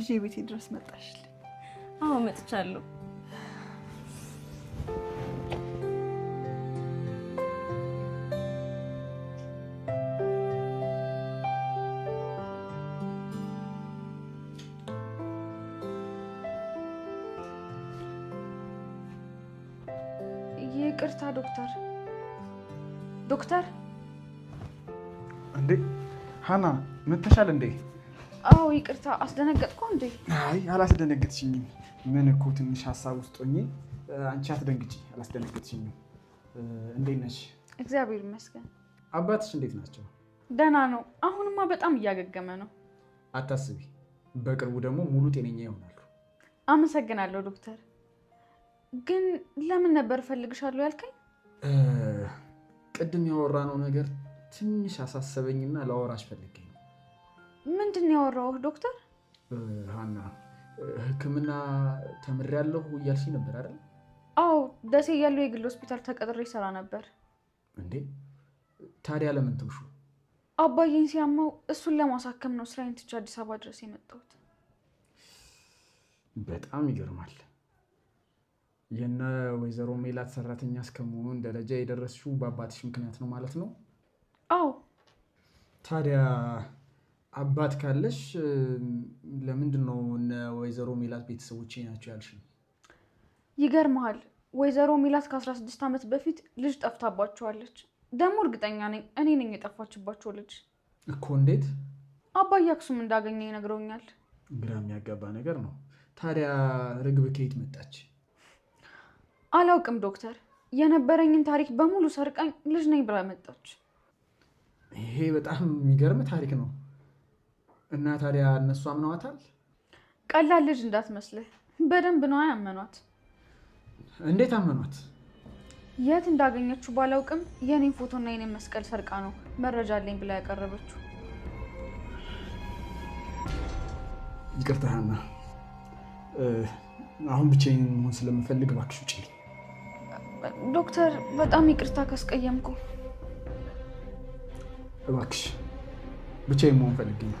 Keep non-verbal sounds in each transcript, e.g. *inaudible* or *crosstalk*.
ልጄ ቤቴ ድረስ መጣሽልኝ። አዎ መጥቻለሁ። ይቅርታ ዶክተር ዶክተር። እንዴ ሀና መተሻል እንዴ? አዎ ይቅርታ፣ አስደነገጥኩ እንዴ? አይ አላስደነገጥሽኝም። ምን እኮ ትንሽ ሀሳብ ውስጥ ሆኜ አንቺ አትደንግጪ፣ አላስደነገጥሽኝም። እንዴት ነሽ? እግዚአብሔር ይመስገን። አባትሽ እንዴት ናቸው? ደህና ነው። አሁንማ በጣም እያገገመ ነው። አታስቢ፣ በቅርቡ ደግሞ ሙሉ ጤነኛ ይሆናሉ። አመሰግናለሁ ዶክተር። ግን ለምን ነበር እፈልግሻለሁ ያልከኝ? ቅድም ያወራነው ነገር ትንሽ አሳሰበኝና ላወራሽ ፈልገኝ ምንድን ነው ያወራሁህ ዶክተር? ሀና ህክምና ተምሬያለሁ እያልሽኝ ነበር አይደል? አዎ ደሴ እያለሁ የግል ሆስፒታል ተቀጥሬ ይሰራ ነበር። እንዴ ታዲያ ለምን ተውሹ? አባዬን ሲያመው እሱን ለማሳከም ነው ስራዬን ትቼ አዲስ አበባ ድረስ የመጣሁት። በጣም ይገርማል። የነ ወይዘሮ ሜላት ሰራተኛ እስከመሆን ደረጃ የደረስሽው በአባትሽ ምክንያት ነው ማለት ነው? አዎ። ታዲያ አባት ካለሽ ለምንድን ነው እነ ወይዘሮ ሜላት ቤተሰቦቼ ናቸው ያልሽ? ይገርመሃል፣ ወይዘሮ ሜላት ከ16 ዓመት በፊት ልጅ ጠፍታባቸዋለች። ደግሞ እርግጠኛ ነኝ እኔ ነኝ የጠፋችባቸው ልጅ እኮ። እንዴት አባዬ አክሱም እንዳገኘ ይነግረውኛል። ግራ የሚያጋባ ነገር ነው። ታዲያ ርግብ ከየት መጣች? አላውቅም ዶክተር። የነበረኝን ታሪክ በሙሉ ሰርቃኝ ልጅ ነኝ ብላ መጣች። ይሄ በጣም የሚገርም ታሪክ ነው። እና ታዲያ እነሱ አምነዋታል? ቀላል ልጅ እንዳትመስልህ፣ በደንብ ነዋ ያመኗት። እንዴት አመኗት? የት እንዳገኘችው ባላውቅም የኔን ፎቶና የኔን መስቀል ሰርቃ ነው መረጃ አለኝ ብላ ያቀረበችው። ይቅርታ ሀና፣ አሁን ብቻዬን መሆን ስለምፈልግ እባክሽ ውጪልኝ። ዶክተር፣ በጣም ይቅርታ ካስቀየምኩ። እባክሽ ብቻዬን መሆን ፈልግኝ።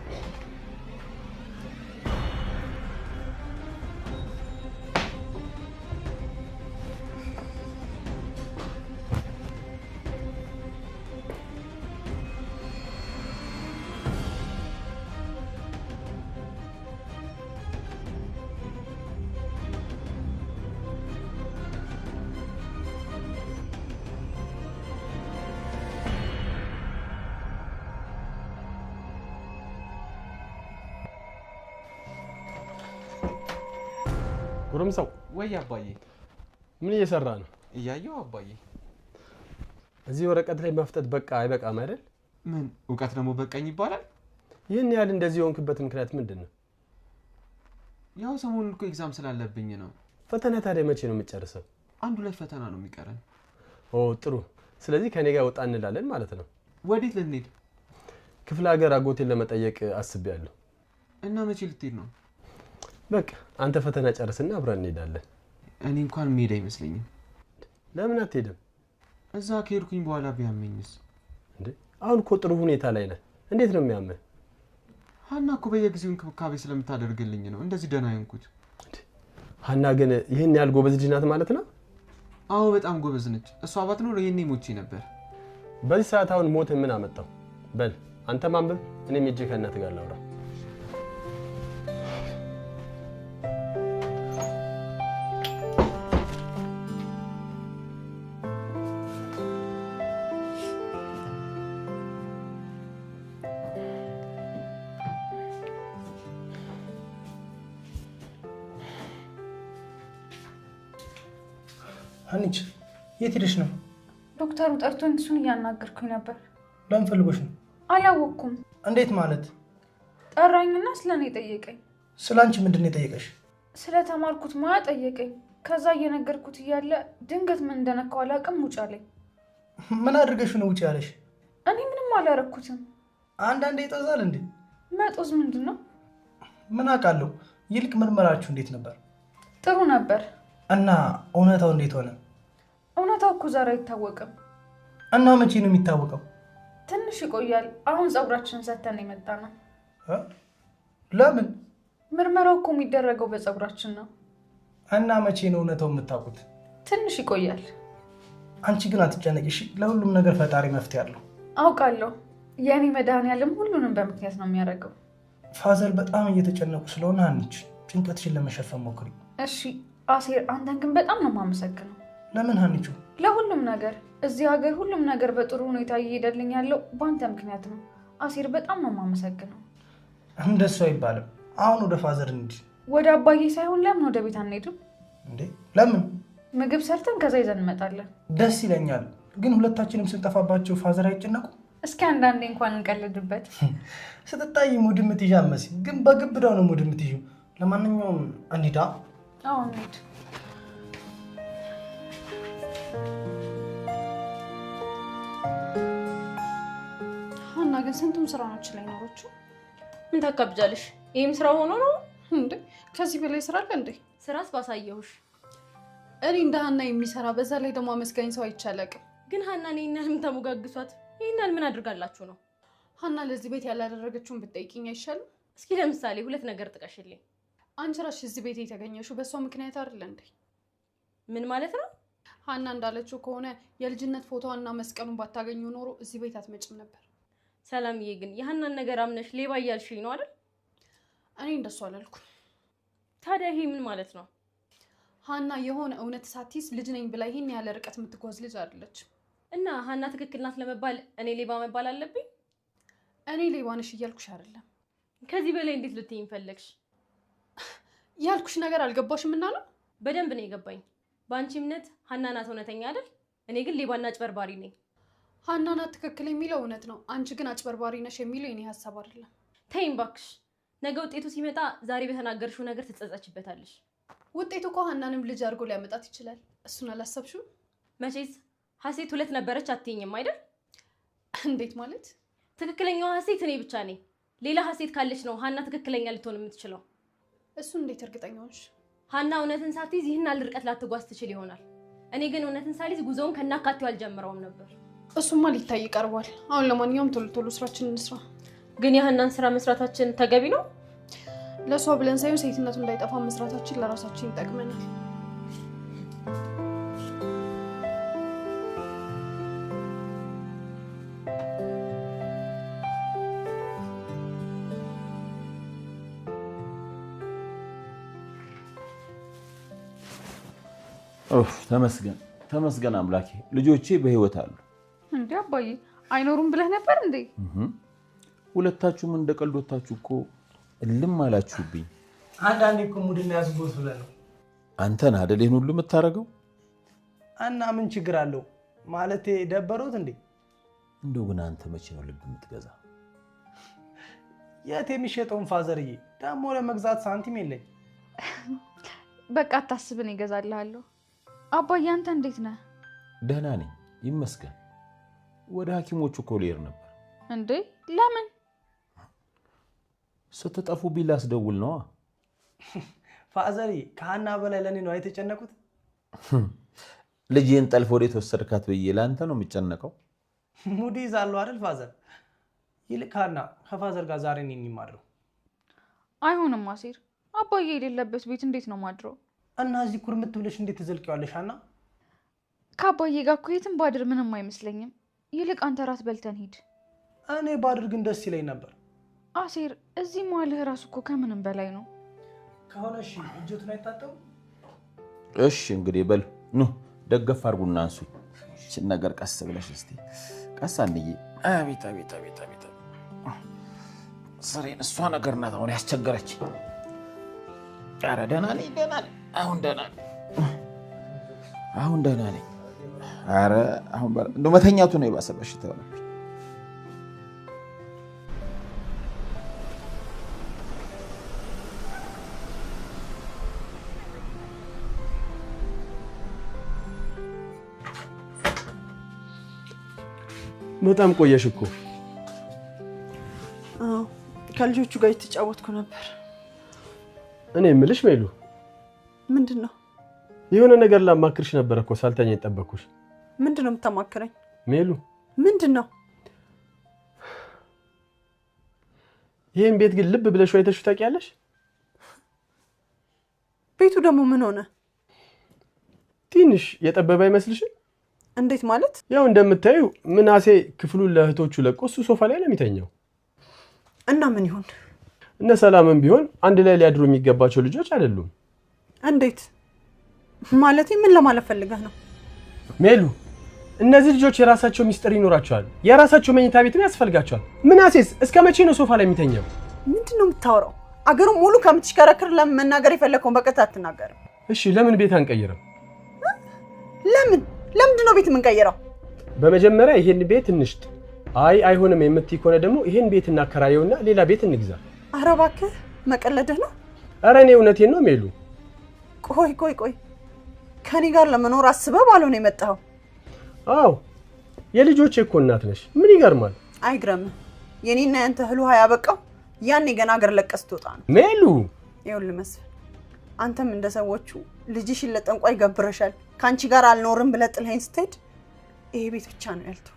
ሰው ወይ አባዬ፣ ምን እየሰራ ነው? እያየው አባዬ። እዚህ ወረቀት ላይ መፍጠት በቃ አይበቃም አይደል? ምን እውቀት ደግሞ በቃኝ ይባላል? ይህን ያህል እንደዚህ የሆንክበት ምክንያት ምንድን ነው? ያው ሰሞኑን እኮ ኤግዛም ስላለብኝ ነው። ፈተና ታዲያ መቼ ነው የምጨርሰው? አንዱ ላይ ፈተና ነው የሚቀረን። ኦ ጥሩ። ስለዚህ ከኔ ጋር ወጣ እንላለን ማለት ነው። ወዴት ልንሄድ? ክፍለ ሀገር አጎቴን ለመጠየቅ አስቤያለሁ። እና መቼ ልትሄድ ነው? በቃ አንተ ፈተና ጨርስና አብረን እንሄዳለን። እኔ እንኳን መሄድ አይመስለኝም። ለምን አትሄድም? እዛ ከሄድኩኝ በኋላ ቢያመኝስ? እንዴ አሁን እኮ ጥሩ ሁኔታ ላይ ነህ። እንዴት ነው የሚያምህ? ሀና እኮ በየጊዜው እንክብካቤ ስለምታደርግልኝ ነው እንደዚህ ደህና የሆንኩት። ሀና ግን ይህን ያህል ጎበዝ ልጅ ናት ማለት ነው? አዎ በጣም ጎበዝ ነች። እሷ ባትኖር ይህኔ ሞቼ ነበር። በዚህ ሰዓት አሁን ሞት ምን አመጣው? በል አንተ ማንበብ፣ እኔም ሄጄ ከእናት ጋር ላውራ አንቺ የት ሄደሽ ነው? ዶክተሩ ጠርቶኝ እሱን እያናገርኩኝ ነበር። ለምን ፈልጎሽ ነው? አላወቅኩም። እንዴት ማለት? ጠራኝና ስለ እኔ ጠየቀኝ። ስለ አንቺ ምንድን ነው የጠየቀሽ? ስለ ተማርኩት ሙያ ጠየቀኝ። ከዛ እየነገርኩት እያለ ድንገት ምን እንደነካው አላውቅም፣ ውጭ አለኝ። ምን አድርገሽ ነው ውጭ ያለሽ? እኔ ምንም አላረኩትም። አንዳንዴ ይጠዛል እንዴ? መጦዝ ምንድን ነው? ምን አውቃለሁ። ይልቅ ምርመራችሁ እንዴት ነበር? ጥሩ ነበር። እና እውነታው እንዴት ሆነ? እውነታው እኮ ዛሬ አይታወቅም። እና መቼ ነው የሚታወቀው? ትንሽ ይቆያል። አሁን ፀጉራችንን ሰተን የመጣ ነው። ለምን? ምርመራው እኮ የሚደረገው በፀጉራችን ነው። እና መቼ ነው እውነታው የምታውቁት? ትንሽ ይቆያል። አንቺ ግን አትጨነቂሽ። ለሁሉም ነገር ፈጣሪ መፍትሄ አለው። አውቃለሁ። የእኔ መድኃኒዓለም ሁሉንም በምክንያት ነው የሚያደርገው። ፋዘር በጣም እየተጨነቁ ስለሆነ አንች ጭንቀትሽን ለመሸፈን ሞክሪ እሺ። አሴር አንተን ግን በጣም ነው የማመሰግነው። ለምን ሀኒቹ? ለሁሉም ነገር እዚህ ሀገር ሁሉም ነገር በጥሩ ሁኔታ እየሄደልኝ ያለው በአንተ ምክንያት ነው። አሲር በጣም ነው የማመሰግነው። እንደሱ አይባልም። አሁን ወደ ፋዘር እንሂድ። ወደ አባዬ ሳይሆን ለምን ወደ ቤት አንሄድም እንዴ? ለምን? ምግብ ሰርተን ከዛ ይዘን እንመጣለን። ደስ ይለኛል። ግን ሁለታችንም ስንጠፋባቸው ፋዘር አይጨነቁ? እስኪ አንዳንዴ እንኳን እንቀልድበት። *laughs* ስትታይ ሙድ ምትይዣ መሲ፣ ግን በግብዳው ነው ሙድ ምትይዥ። ለማንኛውም እንሂዳ። አዎ እንሂድ። ሀና ግን ስንቱም ስራ ነች ላይ ኖሮችው። ምን ታካብጃለሽ? ይህም ስራ ሆኖ ነው እንዴ? ከዚህ በላይ ስራ አለ እንዴ? ስራስ ባሳየሁሽ። እኔ እንደ ሀና የሚሰራ በዛ ላይ ደግሞ አመስጋኝ ሰው አይቻለቅም። ግን ሀና እኔና የምታሞጋግሷት ይህናን ምን አድርጋላችሁ ነው? ሀና ለዚህ ቤት ያላደረገችውን ብትጠይቂኝ አይሻልም? እስኪ ለምሳሌ ሁለት ነገር ጥቀሽልኝ። አንቺ እራስሽ እዚህ ቤት የተገኘሽው በእሷ ምክንያት አይደል እንዴ? ምን ማለት ነው? ሀና እንዳለችው ከሆነ የልጅነት ፎቶዋና መስቀሉን ባታገኙ ኖሮ እዚህ ቤት አትመጭም ነበር። ሰላምዬ ግን የሀናን ነገር አምነሽ ሌባ እያልሽኝ ነው አይደል? እኔ እንደሱ አላልኩም። ታዲያ ይሄ ምን ማለት ነው? ሀና የሆነ እውነት ሳቲስ ልጅ ነኝ ብላ ይህን ያለ ርቀት የምትጓዝ ልጅ አይደለች። እና ሀና ትክክል ናት ለመባል እኔ ሌባ መባል አለብኝ? እኔ ሌባ ነሽ እያልኩሽ አይደለም። ከዚህ በላይ እንዴት ልትይኝ ፈለግሽ? ያልኩሽ ነገር አልገባሽም እና ነው። በደንብ ነው የገባኝ። በአንቺ እምነት ሀና ናት እውነተኛ አይደል? እኔ ግን ሌባና አጭበርባሪ ነኝ። ሀና ናት ትክክል የሚለው እውነት ነው። አንቺ ግን አጭበርባሪ ነሽ የሚለው የኔ ሀሳብ አይደለም። ተይም ባክሽ። ነገ ውጤቱ ሲመጣ ዛሬ በተናገርሽው ነገር ትጸጸችበታለሽ። ውጤቱ እኮ ሀናንም ልጅ አድርጎ ሊያመጣት ይችላል። እሱን አላሰብሽም? መቼስ ሀሴት ሁለት ነበረች አትይኝም አይደል? እንዴት ማለት? ትክክለኛው ሀሴት እኔ ብቻ ነኝ። ሌላ ሀሴት ካለች ነው ሀና ትክክለኛ ልትሆን የምትችለው። እሱን እንዴት እርግጠኛ ሆንሽ? ሀና እውነትን ሳትይዝ ይህን ያህል ርቀት ላትጓዝ ትችል ይሆናል። እኔ ግን እውነትን ሳልይዝ ጉዞውን ከናካቴው አልጀምረውም ነበር። እሱማ ሊታይ ቀርቧል። አሁን ለማንኛውም ቶሎ ቶሎ ስራችንን እንስራ። ግን የሀናን ስራ መስራታችን ተገቢ ነው? ለእሷ ብለን ሳይሆን ሴትነቱ እንዳይጠፋ መስራታችን ለራሳችን ይጠቅመናል። ተመስገን ተመስገን አምላኬ፣ ልጆቼ በህይወት አሉ። እንዴ አባዬ አይኖሩም ብለህ ነበር እንዴ? ሁለታችሁም እንደ ቀልዶታችሁ እኮ እልም አላችሁብኝ። አንዳንዴ እኮ ሙድና ያስቦት ብለህ ነው። አንተን አደል ይህን ሁሉ የምታደርገው? እና ምን ችግር አለው ማለት ደበሮት እንዴ? እንደው ግን አንተ መቼ ነው ልብ የምትገዛ? የት የሚሸጠውን ፋዘርዬ፣ ደግሞ ለመግዛት ሳንቲም የለኝ። በቃ አታስብን፣ ይገዛልሃለሁ አባዬ አንተ እንዴት ነህ? ደህና ነኝ ይመስገን። ወደ ሐኪሞቹ እኮ ልሄድ ነበር። እንዴ ለምን? ስትጠፉ ቢላስ ደውል ነዋ። ፋዘሪ ከሀና በላይ ለእኔ ነው የተጨነቁት። ልጅን ጠልፎ ወደ የተወሰድካት ብዬ ለአንተ ነው የሚጨነቀው። ሙዲ ይዛሉ አይደል ፋዘር? ይልቅ ሀና ከፋዘር ጋር ዛሬ እኔ የሚማድረው። አይሆንም። አሴር አባዬ የሌለበት ቤት እንዴት ነው ማድረው? እና እዚህ ኩርምት ብለሽ እንዴት ትዘልቂዋለሽ? አና ከአባዬ ጋር እኮ የትም ባድር ምንም አይመስለኝም። ይልቅ አንተ ራት በልተን ሂድ። እኔ ባድር ግን ደስ ይለኝ ነበር። አሴር፣ እዚህ መዋልህ ራሱ እኮ ከምንም በላይ ነው። ከሆነ እሺ፣ እጆቱን አይታጠብም። እሺ እንግዲህ በል ኑ ደገፍ አድርጉና አንሱ። ይችን ነገር ቀስ ብለሽ እስኪ ቀስ አንዬ። አቤት አቤት አቤት አቤት፣ ስሬን እሷ ነገር ናት አሁን ያስቸገረች። ኧረ ደህና ነኝ ደህና ነኝ አሁን ደህና ነኝ። አሁን ደህና ነኝ። ኧረ አሁን እንደው መተኛቱ ነው የባሰ በሽታ ሆነብኝ። በጣም ቆየሽ እኮ። ከልጆቹ ጋር የተጫወትኩ ነበር። እኔ የምልሽ ሜሉ ምንድን ነው? የሆነ ነገር ላማክርሽ ነበር እኮ ሳልተኛ የጠበኩሽ። ምንድን ነው የምታማክረኝ? ሜሉ ምንድን ነው? ይህን ቤት ግን ልብ ብለሽ አይተሽው ታውቂያለሽ? ቤቱ ደግሞ ምን ሆነ? ትንሽ የጠበበ አይመስልሽም? እንዴት ማለት? ያው እንደምታዩ ምናሴ ክፍሉን ለእህቶቹ ለቆ እሱ ሶፋ ላይ ነው የሚተኛው። እና ምን ይሁን እነ ሰላምም ቢሆን አንድ ላይ ሊያድሩ የሚገባቸው ልጆች አይደሉም። እንዴት ማለት? ምን ለማለት ፈልገህ ነው? ሜሉ፣ እነዚህ ልጆች የራሳቸው ሚስጥር ይኖራቸዋል፣ የራሳቸው መኝታ ቤትም ያስፈልጋቸዋል። ምናሴስ እስከ መቼ ነው ሶፋ ላይ የሚተኘው? ምንድን ነው የምታወራው? አገሩን ሙሉ ከምትሽከረክር ለምን መናገር የፈለግከውን በቀጥታ አትናገርም? እሺ፣ ለምን ቤት አንቀይርም? ለምን ለምንድን ነው ቤት የምንቀይረው? በመጀመሪያ ይሄን ቤት እንሽጥ። አይ አይሆንም የምትይ ከሆነ ደግሞ ይሄን ቤት እናከራየውና ሌላ ቤት እንግዛ። አረ እባክህ ነው። አረ እኔ እውነቴን ነው ሜሉ ቆይ ቆይ ቆይ ከኔ ጋር ለመኖር አስበህ ባልሆነ የመጣኸው? አዎ የልጆቼ እኮ እናት ነሽ። ምን ይገርማል? አይግረምም። የኔና ያንተ ህልውሃ ያበቃው ያኔ ገና ሀገር ለቀስ ትወጣ ነው። ሜሉ ይኸውልህ መስፍን፣ አንተም እንደ ሰዎቹ ልጅሽን ለጠንቋይ ገብረሻል፣ ከአንቺ ጋር አልኖርም ብለህ ጥለኸኝ ስትሄድ ይሄ ቤት ብቻ ነው ያልተው።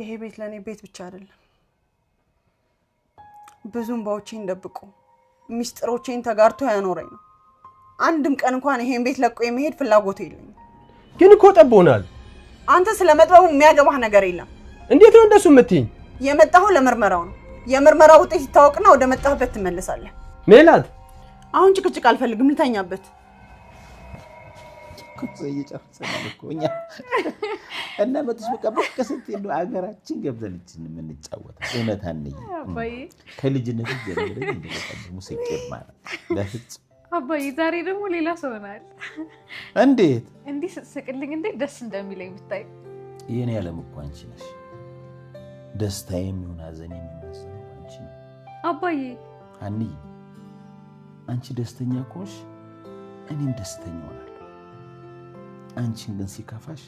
ይሄ ቤት ለእኔ ቤት ብቻ አይደለም፣ ብዙ እንባዎቼን ደብቆ ሚስጥሮቼን ተጋርቶ ያኖረኝ ነው። አንድም ቀን እንኳን ይሄን ቤት ለቆ የመሄድ ፍላጎት የለኝ። ግን እኮ ጠቦናል። አንተ ስለ መጥበቡ የሚያገባህ ነገር የለም። እንዴት ነው እንደሱ የምትይኝ? የመጣሁ ለምርመራው ነው። የምርመራው ውጤት ሲታወቅና ወደ መጣህበት ትመለሳለህ። ሜላት፣ አሁን ጭቅጭቅ አልፈልግም። ልተኛበት እና መጥሽ በቃ በቃ ስትይ የምንጫወት እውነት አንይ ከልጅነት ጀምረን ሙሴቄ ማለት በፍጹም አባዬ ዛሬ ደግሞ ሌላ ሰው ሆናል። እንዴት እንዲህ ስትስቅልኝ እንዴት ደስ እንደሚለኝ ብታይ። የኔ ያለም እኮ አንቺ ነሽ። ደስታ የሚሆን ሐዘኔ የሚመስለው አንቺ አባዬ። ሀኒ አንቺ ደስተኛ ከሆንሽ እኔም ደስተኛ ሆናል። አንቺን ግን ሲከፋሽ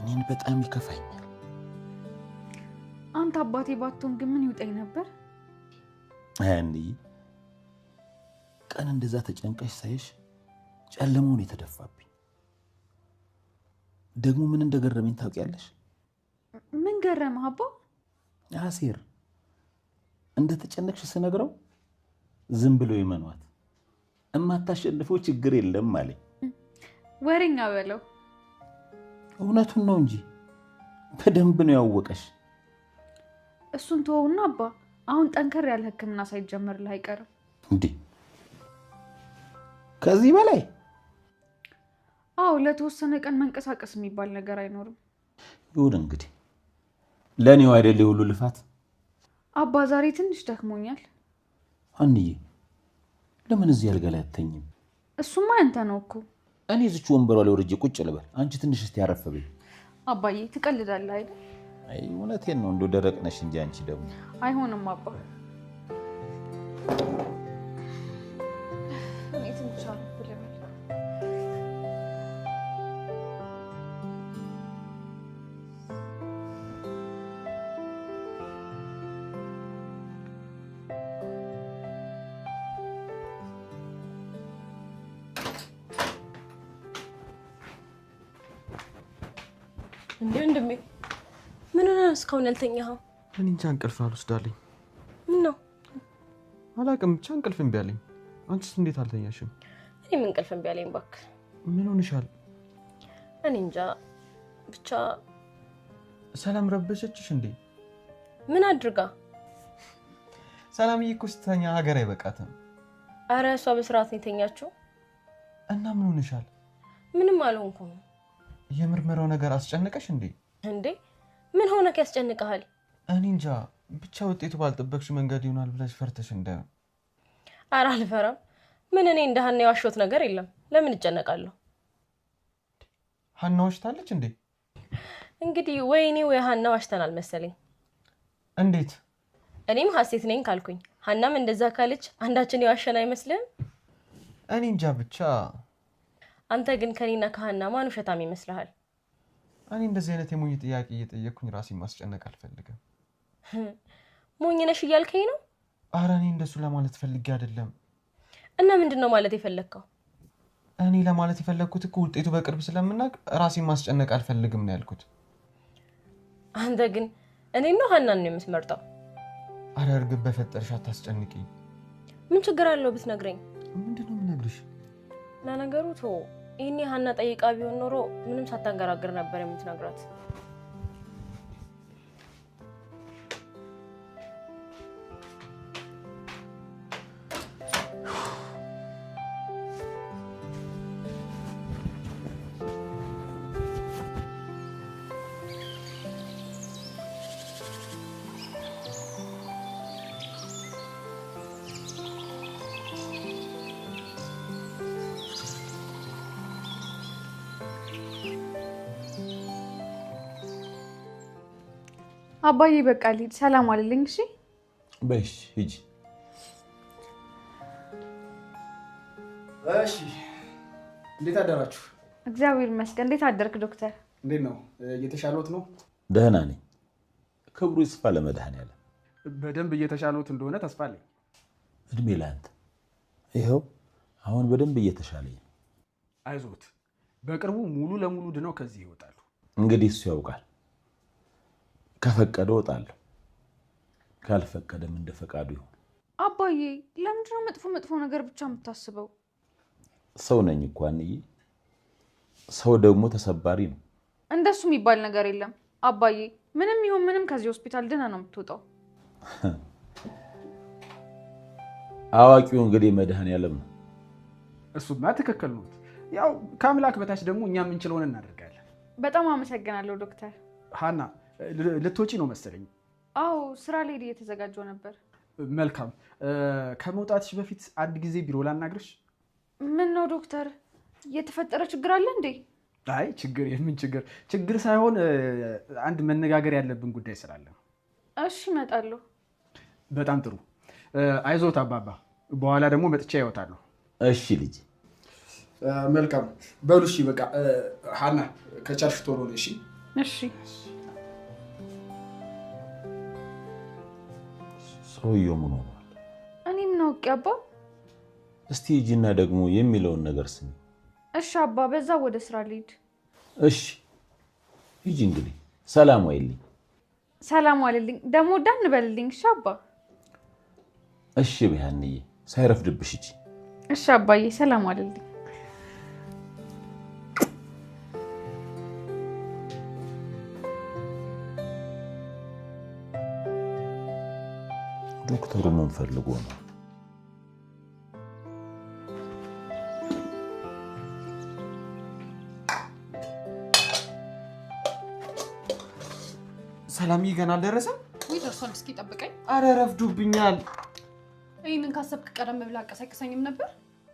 እኔን በጣም ይከፋኛል። አንተ አባቴ ባትሆን ግን ምን ይውጠኝ ነበር ሀኒ ቀን እንደዛ ተጨንቀሽ ሳይሽ ጨለማውን የተደፋብኝ። ደግሞ ምን እንደገረመኝ ታውቂያለሽ? ምን ገረመ አቦ? አሴር እንደተጨነቅሽ ስነግረው ዝም ብሎ ይመኗት እማታሸንፈው ችግር የለም አለኝ። ወሬኛ በለው። እውነቱን ነው እንጂ በደንብ ነው ያወቀሽ። እሱን ተወውና አባ፣ አሁን ጠንከር ያለ ሕክምና ሳይጀመርልህ አይቀርም እንዴ? ከዚህ በላይ አዎ፣ ለተወሰነ ቀን መንቀሳቀስ የሚባል ነገር አይኖርም። ይሁን እንግዲህ ለእኔው አይደል የሁሉ ልፋት። አባ ዛሬ ትንሽ ደክሞኛል። አንዬ ለምን እዚህ አልጋ ላይ አተኝም? እሱማ ያንተ ነው እኮ። እኔ እዚች ወንበሯ ላይ ወርጄ ቁጭ ልበል፣ አንቺ ትንሽ እስቲ ያረፈብኝ። አባዬ ትቀልዳለህ አይደል? አይ እውነቴን ነው። እንደ ደረቅ ነሽ እንጂ አንቺ ደግሞ አይሆንም አባ እስካሁን ያልተኛኸው? እኔ እንጃ እንቅልፍ አልወስዳለኝ። ምን ነው አላውቅም፣ ብቻ እንቅልፍ እምቢ አለኝ። አንቺስ እንዴት አልተኛሽም? እኔም እንቅልፍ እምቢ አለኝ። እባክህ ምን ሆንሻል? እኔ እንጃ ብቻ። ሰላም ረበሸችሽ እንዴ? ምን አድርጋ? ሰላምዬ እኮ ስተኛ ሀገር አይበቃትም። አረ እሷ በስርዓት ነው የተኛችው። እና ምን ሆንሻል? ምንም አልሆንኩም። የምርመራው ነገር አስጨነቀሽ እንዴ? እንዴ ምን ሆነክ ያስጨንቀሃል? እኔ እንጃ ብቻ ውጤቱ ባልጠበቅሽ መንገድ ይሆናል ብለሽ ፈርተሽ እንደ አረ አልፈራም። ምን እኔ እንደ ሀና የዋሾት ነገር የለም። ለምን እጨነቃለሁ? ሀና ዋሽታለች እንዴ? እንግዲህ ወይ ወይ ሀና ዋሽተናል መሰለኝ። እንዴት? እኔም ሀሴት ነኝ ካልኩኝ ሀናም እንደዛ ካለች አንዳችን የዋሸን አይመስልም? እኔ እንጃ ብቻ። አንተ ግን ከኔና ከሀና ማን ውሸታም ይመስልሃል? እኔ እንደዚህ አይነት የሞኝ ጥያቄ እየጠየቅኩኝ ራሴን ማስጨነቅ አልፈልግም። ሞኝ *laughs* ነሽ እያልከኝ ነው? አረ እኔ እንደሱ ለማለት ፈልጌ አይደለም። እና ምንድን ነው ማለት የፈለግከው? እኔ ለማለት የፈለግኩት እኮ ውጤቱ በቅርብ ስለምናውቅ ራሴን ማስጨነቅ አልፈልግም ነው ያልኩት። አንተ ግን እኔ ነው ሀናን ነው የምትመርጠው? አረ እርግብ በፈጠርሽ አታስጨንቅኝ። ምን ችግር አለው ብትነግረኝ? ምንድነው የምነግርሽ? ለነገሩ ቶ ይህኔ ሀና ጠይቃ ቢሆን ኖሮ ምንም ሳታንገራግር ነበር የምትነግራት። አባዬ በቃ ልሂድ፣ ሰላም አለልኝ። እሺ በሽ ሂጂ። እሺ እንዴት አደራችሁ? እግዚአብሔር ይመስገን። እንዴት አደርክ ዶክተር? እንዴት ነው እየተሻሎት ነው? ደህና ነኝ። ክብሩ ይስፋ ለመድኃኔዓለም። በደንብ እየተሻሎት እንደሆነ ተስፋ አለኝ። እድሜ ለአንተ። ይኸው አሁን በደንብ እየተሻለኝ ነው። አይዞት፣ በቅርቡ ሙሉ ለሙሉ ድነው ከዚህ ይወጣሉ። እንግዲህ እሱ ያውቃል ከፈቀደ እወጣለሁ፣ ካልፈቀደም እንደ ፈቃዱ ይሁን። አባዬ ለምንድነው መጥፎ መጥፎ ነገር ብቻ የምታስበው? ሰው ነኝ እኮ አንዬ። ሰው ደግሞ ተሰባሪ ነው። እንደሱ የሚባል ነገር የለም አባዬ። ምንም ይሁን ምንም ከዚህ ሆስፒታል ድና ነው የምትወጣው። *laughs* አዋቂው እንግዲህ መድኃኔዓለም ነው። እሱማ ትክክል ነው። ያው ከአምላክ በታች ደግሞ እኛ የምንችለውን እናደርጋለን። በጣም አመሰግናለሁ ዶክተር ሀና ልትወጪ ነው መሰለኝ። አዎ ስራ ላይ እየተዘጋጀው ነበር። መልካም። ከመውጣትሽ በፊት አንድ ጊዜ ቢሮ ላናግርሽ። ምን ነው ዶክተር፣ የተፈጠረ ችግር አለ እንዴ? አይ ችግር፣ የምን ችግር? ችግር ሳይሆን አንድ መነጋገር ያለብን ጉዳይ ስላለ። እሺ እመጣለሁ። በጣም ጥሩ። አይዞት አባባ፣ በኋላ ደግሞ መጥቻ ይወጣለሁ። እሺ ልጅ። መልካም። በሉ እሺ። በቃ ሀና ከጨርሽ ቶሎ ነው። እሺ፣ እሺ ሰውየው ምን ሆኗል? እኔ ምን አውቄ አባ። እስቲ ሂጂና ደግሞ የሚለውን ነገር ስሚ። እሺ አባ፣ በዛ ወደ ስራ ልሂድ። እሺ ሂጂ እንግዲህ። ሰላም ዋይልኝ። ሰላም ዋልልኝ። ደግሞ ዳን በልልኝ። እሺ አባ። እሺ ብያንዬ፣ ሳይረፍድብሽ ሂጂ። እሺ አባዬ፣ ሰላም ዋልልኝ። ትርጉሙን ፈልጎ ነው። ሰላምዬ ገና አልደረሰም ወይ? ደርሷል። እስኪ ጠብቀኝ። አረ ረፍዱብኛል። ይህንን ካሰብክ ቀደም ብላ አቀሰቅሰኝም ነበር።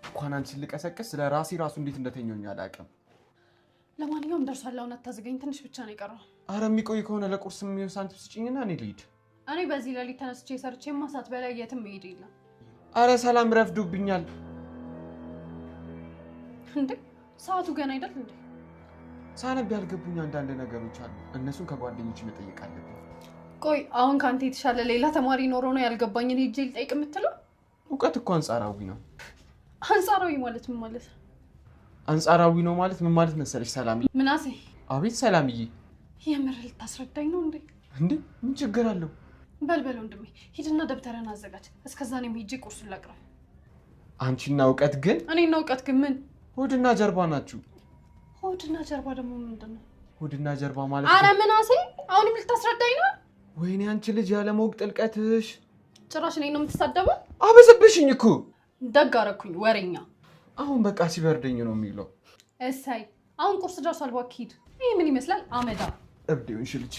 እንኳን አንቺን ልቀሰቅስ ስለ ራሴ ራሱ እንዴት እንደተኛኝ አላውቅም። ለማንኛውም ደርሷል። አሁን አታዘገኝ፣ ትንሽ ብቻ ነው የቀረው። አረ የሚቆይ ከሆነ ለቁርስ የሚሆን ሳንቲም ስጭኝና እኔ ልሂድ። እኔ በዚህ ሌሊት ተነስቼ ሰርቼ ማሳት በላይ የትም መሄድ የለም። አረ ሰላም ረፍዱብኛል እንዴ ሰዓቱ ገና አይደል እንዴ? ሳነብ ያልገቡኝ አንዳንድ ነገሮች አሉ። እነሱን ከጓደኞች መጠየቅ አለብኝ። ቆይ አሁን ከአንተ የተሻለ ሌላ ተማሪ ኖሮ ነው ያልገባኝን ሄጄ ልጠይቅ የምትለው? እውቀት እኮ አንጻራዊ ነው። አንጻራዊ ማለት ምን ማለት ነው? አንጻራዊ ነው ማለት ምን ማለት መሰለሽ ሰላም ምናሴ። አቤት ሰላምዬ። የምር ልታስረዳኝ ነው እንዴ? እንዴ ምን ችግር አለው? በልበል ወንድሜ፣ ሂድና ደብተርን አዘጋጅ። እስከዛ እኔም ሂጅ ቁርሱን ላቅርብ። አንቺና እውቀት ግን እኔና እውቀት ግን ምን ሆድና ጀርባ ናችሁ። ሆድና ጀርባ ደግሞ ምንድን ነው? ሆድና ጀርባ ማለት አረ ምናሴ፣ አሁንም ልታስረዳኝ ነው? ወይኔ አንቺ ልጅ ያለማወቅ ጥልቀትሽ! ጭራሽ እኔ ነው የምትሳደበው? አበዘብሽኝ እኮ። ደግ አረኩኝ ወሬኛ። አሁን በቃ ሲበርደኝ ነው የሚለው። እሰይ አሁን ቁርስ ደርሷል፣ እባክህ ሂድ። ይህ ምን ይመስላል አመዳ እብድ የሆንሽ ልጅ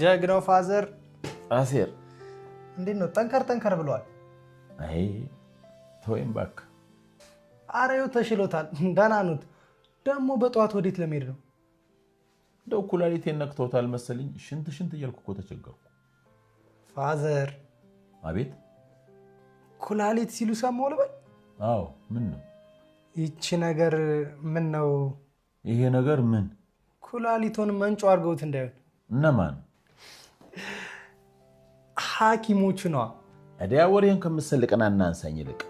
ጀግናው ፋዘር አሴር እንዴት ነው? ጠንከር ጠንከር ብለዋል። አይ ተወይም እባክህ። ኧረ ይኸው ተሽሎታል። ደህና ኑት። ደግሞ በጠዋት ወዴት ለመሄድ ነው? እንደው ኩላሊቴን ነክቶታል መሰለኝ። ሽንት ሽንት እያልኩ እኮ ተቸገርኩ። ፋዘር። አቤት። ኩላሊት ሲሉ ሰማሁ ልበል? አዎ። ምን ነው ይቺ ነገር? ምን ነው ይሄ ነገር? ምን ኩላሊቶን መንጮ አድርገውት እንዳይሆን እነማን ሐኪሞች ነ እዲያ ወሬን ከምትሰልቅና እናንሳኝ ይልቅ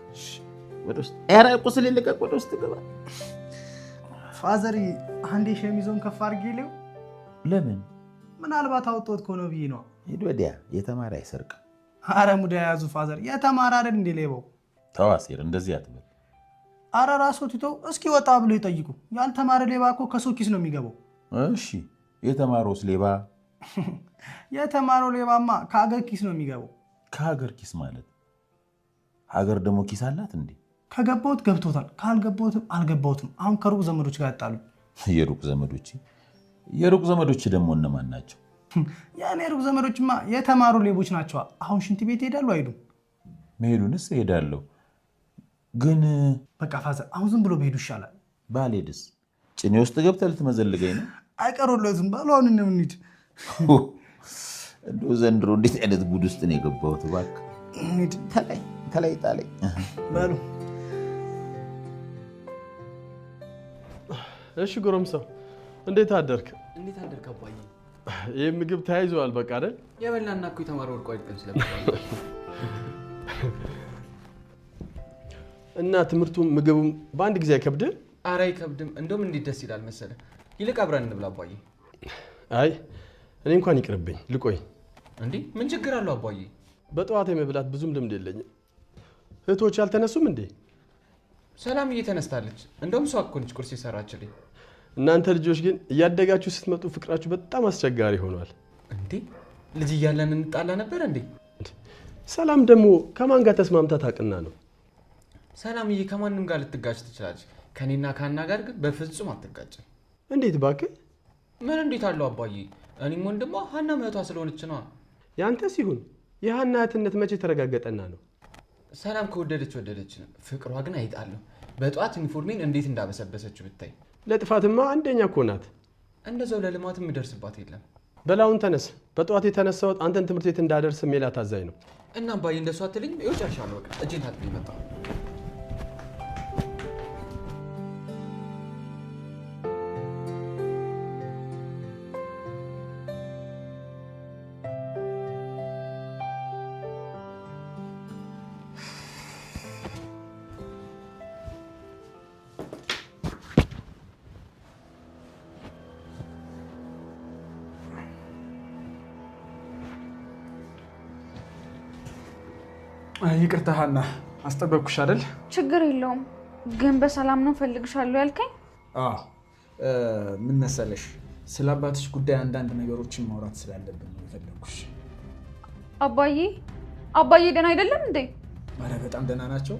ኧረ ቁስል ይልቀቅ ወደ ውስጥ ግባ። ፋዘር አንዴ ሸሚዞን ከፍ አድርጌ ሌው ለምን ምናልባት አውጥቶት ከሆነ ብዬ ነዋ። ሂድ ወዲያ የተማረ አይሰርቅ። አረ ሙዳ ያዙ ፋዘር የተማረ አይደል እንዴ ሌባው? ተዋሴር እንደዚህ አትበል። አረ ራሶ ይተው እስኪ ወጣ ብሎ ይጠይቁ። ያልተማረ ሌባ እኮ ከሰው ኪስ ነው የሚገባው። እሺ የተማረውስ ሌባ *laughs* የተማረው ሌባማ ከሀገር ኪስ ነው የሚገባው። ከሀገር ኪስ ማለት ሀገር ደግሞ ኪስ አላት እንዴ? ከገባሁት ገብቶታል፣ ካልገባሁትም አልገባሁትም። አሁን ከሩቅ ዘመዶች ጋር ያጣሉ። የሩቅ ዘመዶች የሩቅ ዘመዶች ደግሞ እነማን ናቸው? የእኔ ሩቅ ዘመዶችማ የተማሩ ሌቦች ናቸው። አሁን ሽንት ቤት ይሄዳሉ አይሉም? መሄዱንስ እሄዳለሁ፣ ግን በቃ ፋዘር፣ አሁን ዝም ብሎ መሄዱ ይሻላል። ባልሄድስ ጭኔ ውስጥ ገብተህ ልትመዘልገኝ ነው። አይቀሩለትም። በል አሁን እንሂድ። እንዶ ዘንድሮ እንዴት አይነት ጉድ ውስጥ ነው የገባሁት? እባክህ ተለይ ተለይ ጣለኝ። እሺ ጎረምሳ እንዴት አደርክ? እንዴት አደርክ አባዬ? ይህ ምግብ ተያይዘዋል። በቃ አይደል የበላና እኮ የተማረ ወርቆ አይደለም። ስለ እና ትምህርቱም ምግቡም በአንድ ጊዜ አይከብድም። አረ አይከብድም። እንደውም እንዴት ደስ ይላል መሰለ። ይልቅ አብረን እንብላ አባዬ። አይ እኔ እንኳን ይቅርብኝ ልቆይ። እንዴ ምን ችግር አለው አባዬ? በጠዋት የመብላት ብዙም ልምድ የለኝም። እህቶች አልተነሱም እንዴ? ሰላም እየተነስታለች። እንደውም እሷ እኮ ነች ቁርስ የሰራችልኝ። እናንተ ልጆች ግን እያደጋችሁ ስትመጡ ፍቅራችሁ በጣም አስቸጋሪ ሆኗል። እንዴ ልጅ እያለን እንጣላ ነበር እንዴ? ሰላም ደግሞ ከማን ጋር ተስማምታ አቅና ነው? ሰላምዬ ከማንም ጋር ልትጋጭ ትችላለች። ከኔና ከአና ጋር ግን በፍጹም አትጋጭም። እንዴት ባክ? ምን እንዴት አለው አባዬ እኔም ወንድሟ ሀና እህቷ ስለሆነች ነዋ። ያንተ ሲሆን የሀና እህትነት መቼ ተረጋገጠና ነው? ሰላም ከወደደች ወደደች፣ ነው። ፍቅሯ ግን አይጣለሁ። በጠዋት ዩኒፎርሜን እንዴት እንዳበሰበሰችው ብታይ። ለጥፋትማ አንደኛ እኮ ናት። እንደዛው ለልማት የምደርስባት የለም። በላውን ተነስ። በጠዋት የተነሳሁት አንተን ትምህርት ቤት እንዳደርስ ሜላ ታዛኝ ነው። እና አባዬ እንደሱ አትልኝ። ይኸው ጨርሻለሁ። በቃ እጄን ታጥቤ መጣሁ። ይቅርታ ሀና፣ አስጠበቅኩሽ አይደል? ችግር የለውም ግን በሰላም ነው ፈልግሻለሁ ያልከኝ? ምን መሰለሽ፣ ስለ አባትሽ ጉዳይ አንዳንድ ነገሮችን ማውራት ስላለብን ነው የፈለግኩሽ። አባዬ አባዬ ደህና አይደለም እንዴ? ኧረ በጣም ደህና ናቸው።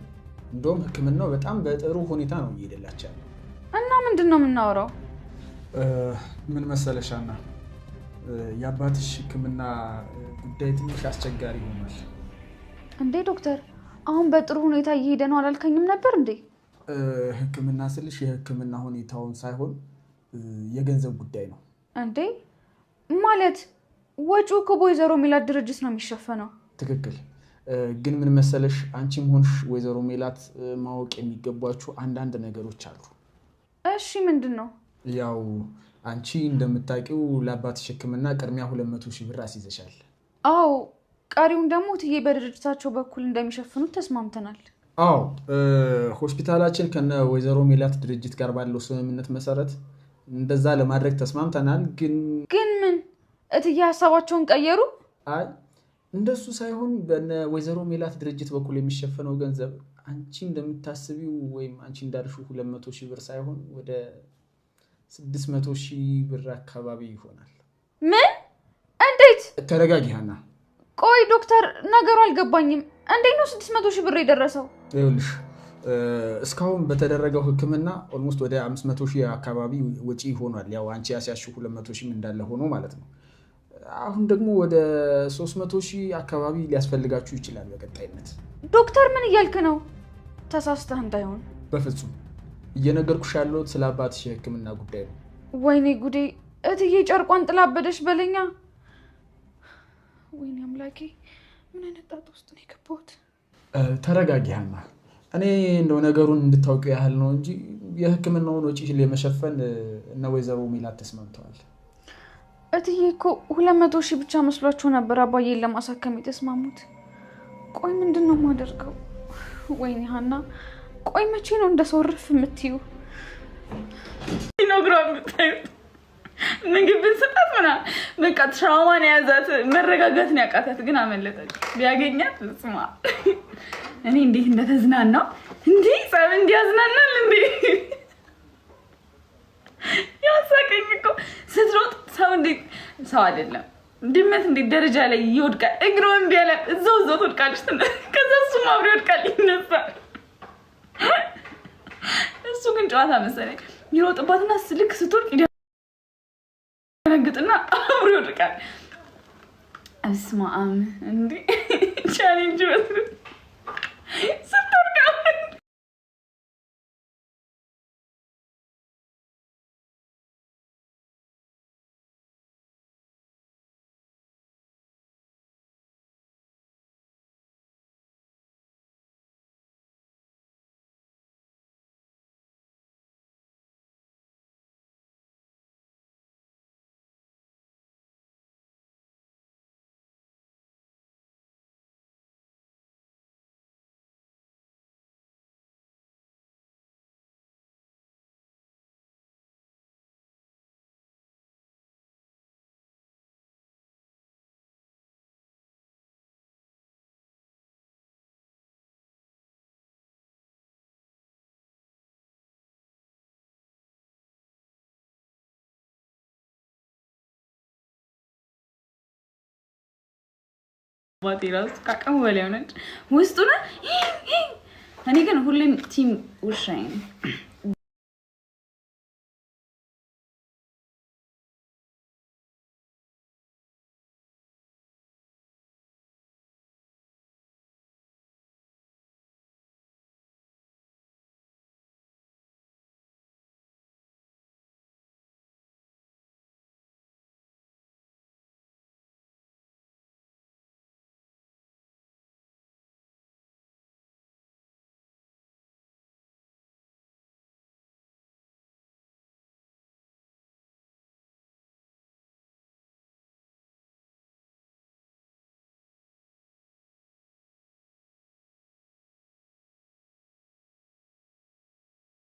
እንደውም ሕክምናው በጣም በጥሩ ሁኔታ ነው እየሄደላቸው ያለ እና ምንድን ነው የምናወራው? ምን መሰለሻና የአባትሽ ሕክምና ጉዳይ ትንሽ አስቸጋሪ ይሆናል። እንዴ ዶክተር፣ አሁን በጥሩ ሁኔታ እየሄደ ነው አላልከኝም ነበር እንዴ? ህክምና ስልሽ የህክምና ሁኔታውን ሳይሆን የገንዘብ ጉዳይ ነው። እንዴ ማለት ወጪው እኮ በወይዘሮ ሜላት ድርጅት ነው የሚሸፈነው። ትክክል። ግን ምን መሰለሽ፣ አንቺም ሆንሽ ወይዘሮ ሜላት ማወቅ የሚገባችሁ አንዳንድ ነገሮች አሉ። እሺ፣ ምንድን ነው? ያው አንቺ እንደምታውቂው ለአባትሽ ህክምና ቅድሚያ ሁለት መቶ ሺህ ብር አስይዘሻል። አዎ ቀሪውን ደግሞ እትዬ በድርጅታቸው በኩል እንደሚሸፍኑት ተስማምተናል። አዎ ሆስፒታላችን ከነ ወይዘሮ ሜላት ድርጅት ጋር ባለው ስምምነት መሰረት እንደዛ ለማድረግ ተስማምተናል። ግን ግን ምን እትዬ ሀሳባቸውን ቀየሩ? አይ እንደሱ ሳይሆን በነ ወይዘሮ ሜላት ድርጅት በኩል የሚሸፈነው ገንዘብ አንቺ እንደምታስቢው ወይም አንቺ እንዳልሽው ሁለት መቶ ሺህ ብር ሳይሆን ወደ ስድስት መቶ ሺህ ብር አካባቢ ይሆናል። ምን? እንዴት? ተረጋጊ ሀና ቆይ ዶክተር፣ ነገሩ አልገባኝም። እንዴት ነው ስድስት መቶ ሺህ ብር የደረሰው? ይኸውልሽ እስካሁን በተደረገው ሕክምና ኦልሞስት ወደ 500 ሺህ አካባቢ ወጪ ሆኗል። ያው አንቺ ያስያዝሽው 200 ሺህም እንዳለ ሆኖ ማለት ነው። አሁን ደግሞ ወደ 300 መቶ ሺህ አካባቢ ሊያስፈልጋችሁ ይችላል በቀጣይነት። ዶክተር ምን እያልክ ነው? ተሳስተህ እንዳይሆን። በፍጹም እየነገርኩሽ ያለሁት ስለ አባትሽ የሕክምና ጉዳይ ነው። ወይኔ ጉዴ! እትዬ ጨርቋን ጥላበደሽ በለኛ ወይኔ አምላኬ፣ ምን አይነት ጣጣ ውስጥ ነው የገባሁት? ተረጋጊ ሀና። እኔ እንደው ነገሩን እንድታውቂ ያህል ነው እንጂ የሕክምናውን ወጪ ለመሸፈን እነ ወይዘሮ ሜላት ተስማምተዋል። እትዬ እኮ ሁለት መቶ ሺህ ብቻ መስሏቸው ነበር አባዬን ለማሳከም የተስማሙት። ቆይ ምንድን ነው የማደርገው? ወይኔ ሀና፣ ቆይ መቼ ነው እንደ ሰው እርፍ የምትዩ? ምግብ ብንሰጣት ምና በቃ ትራውማን የያዛት መረጋጋት ነው ያቃታት። ግን አመለጠች። ቢያገኛት ጽማ እኔ እንዴት እንደተዝናናው እንዲህ ጸብ እንዲያዝናናል እንዴ! ያሳቀኝ እኮ ስትሮጥ ሰው እንዴት ሰው አይደለም ድመት እንዴት ደረጃ ላይ ይወድቃል። እግሮ እምቢ ያለ እዛው እዛው ትወድቃለች። ከዛ እሱ አብሮ ይወድቃል፣ ይነሳል። እሱ ግን ጨዋታ መሰለኝ ይሮጥባትና ስልክ ስትወድቅ ረግጥና አብሮ ይወድቃል። እስማአም እንዲህ *laughs* ቻሌንጅ ባቴ ራሱ ካቀሙ በላይ ሆነች ውስጡ ነ እኔ ግን ሁሌም ቲም ውሻዬ ነው።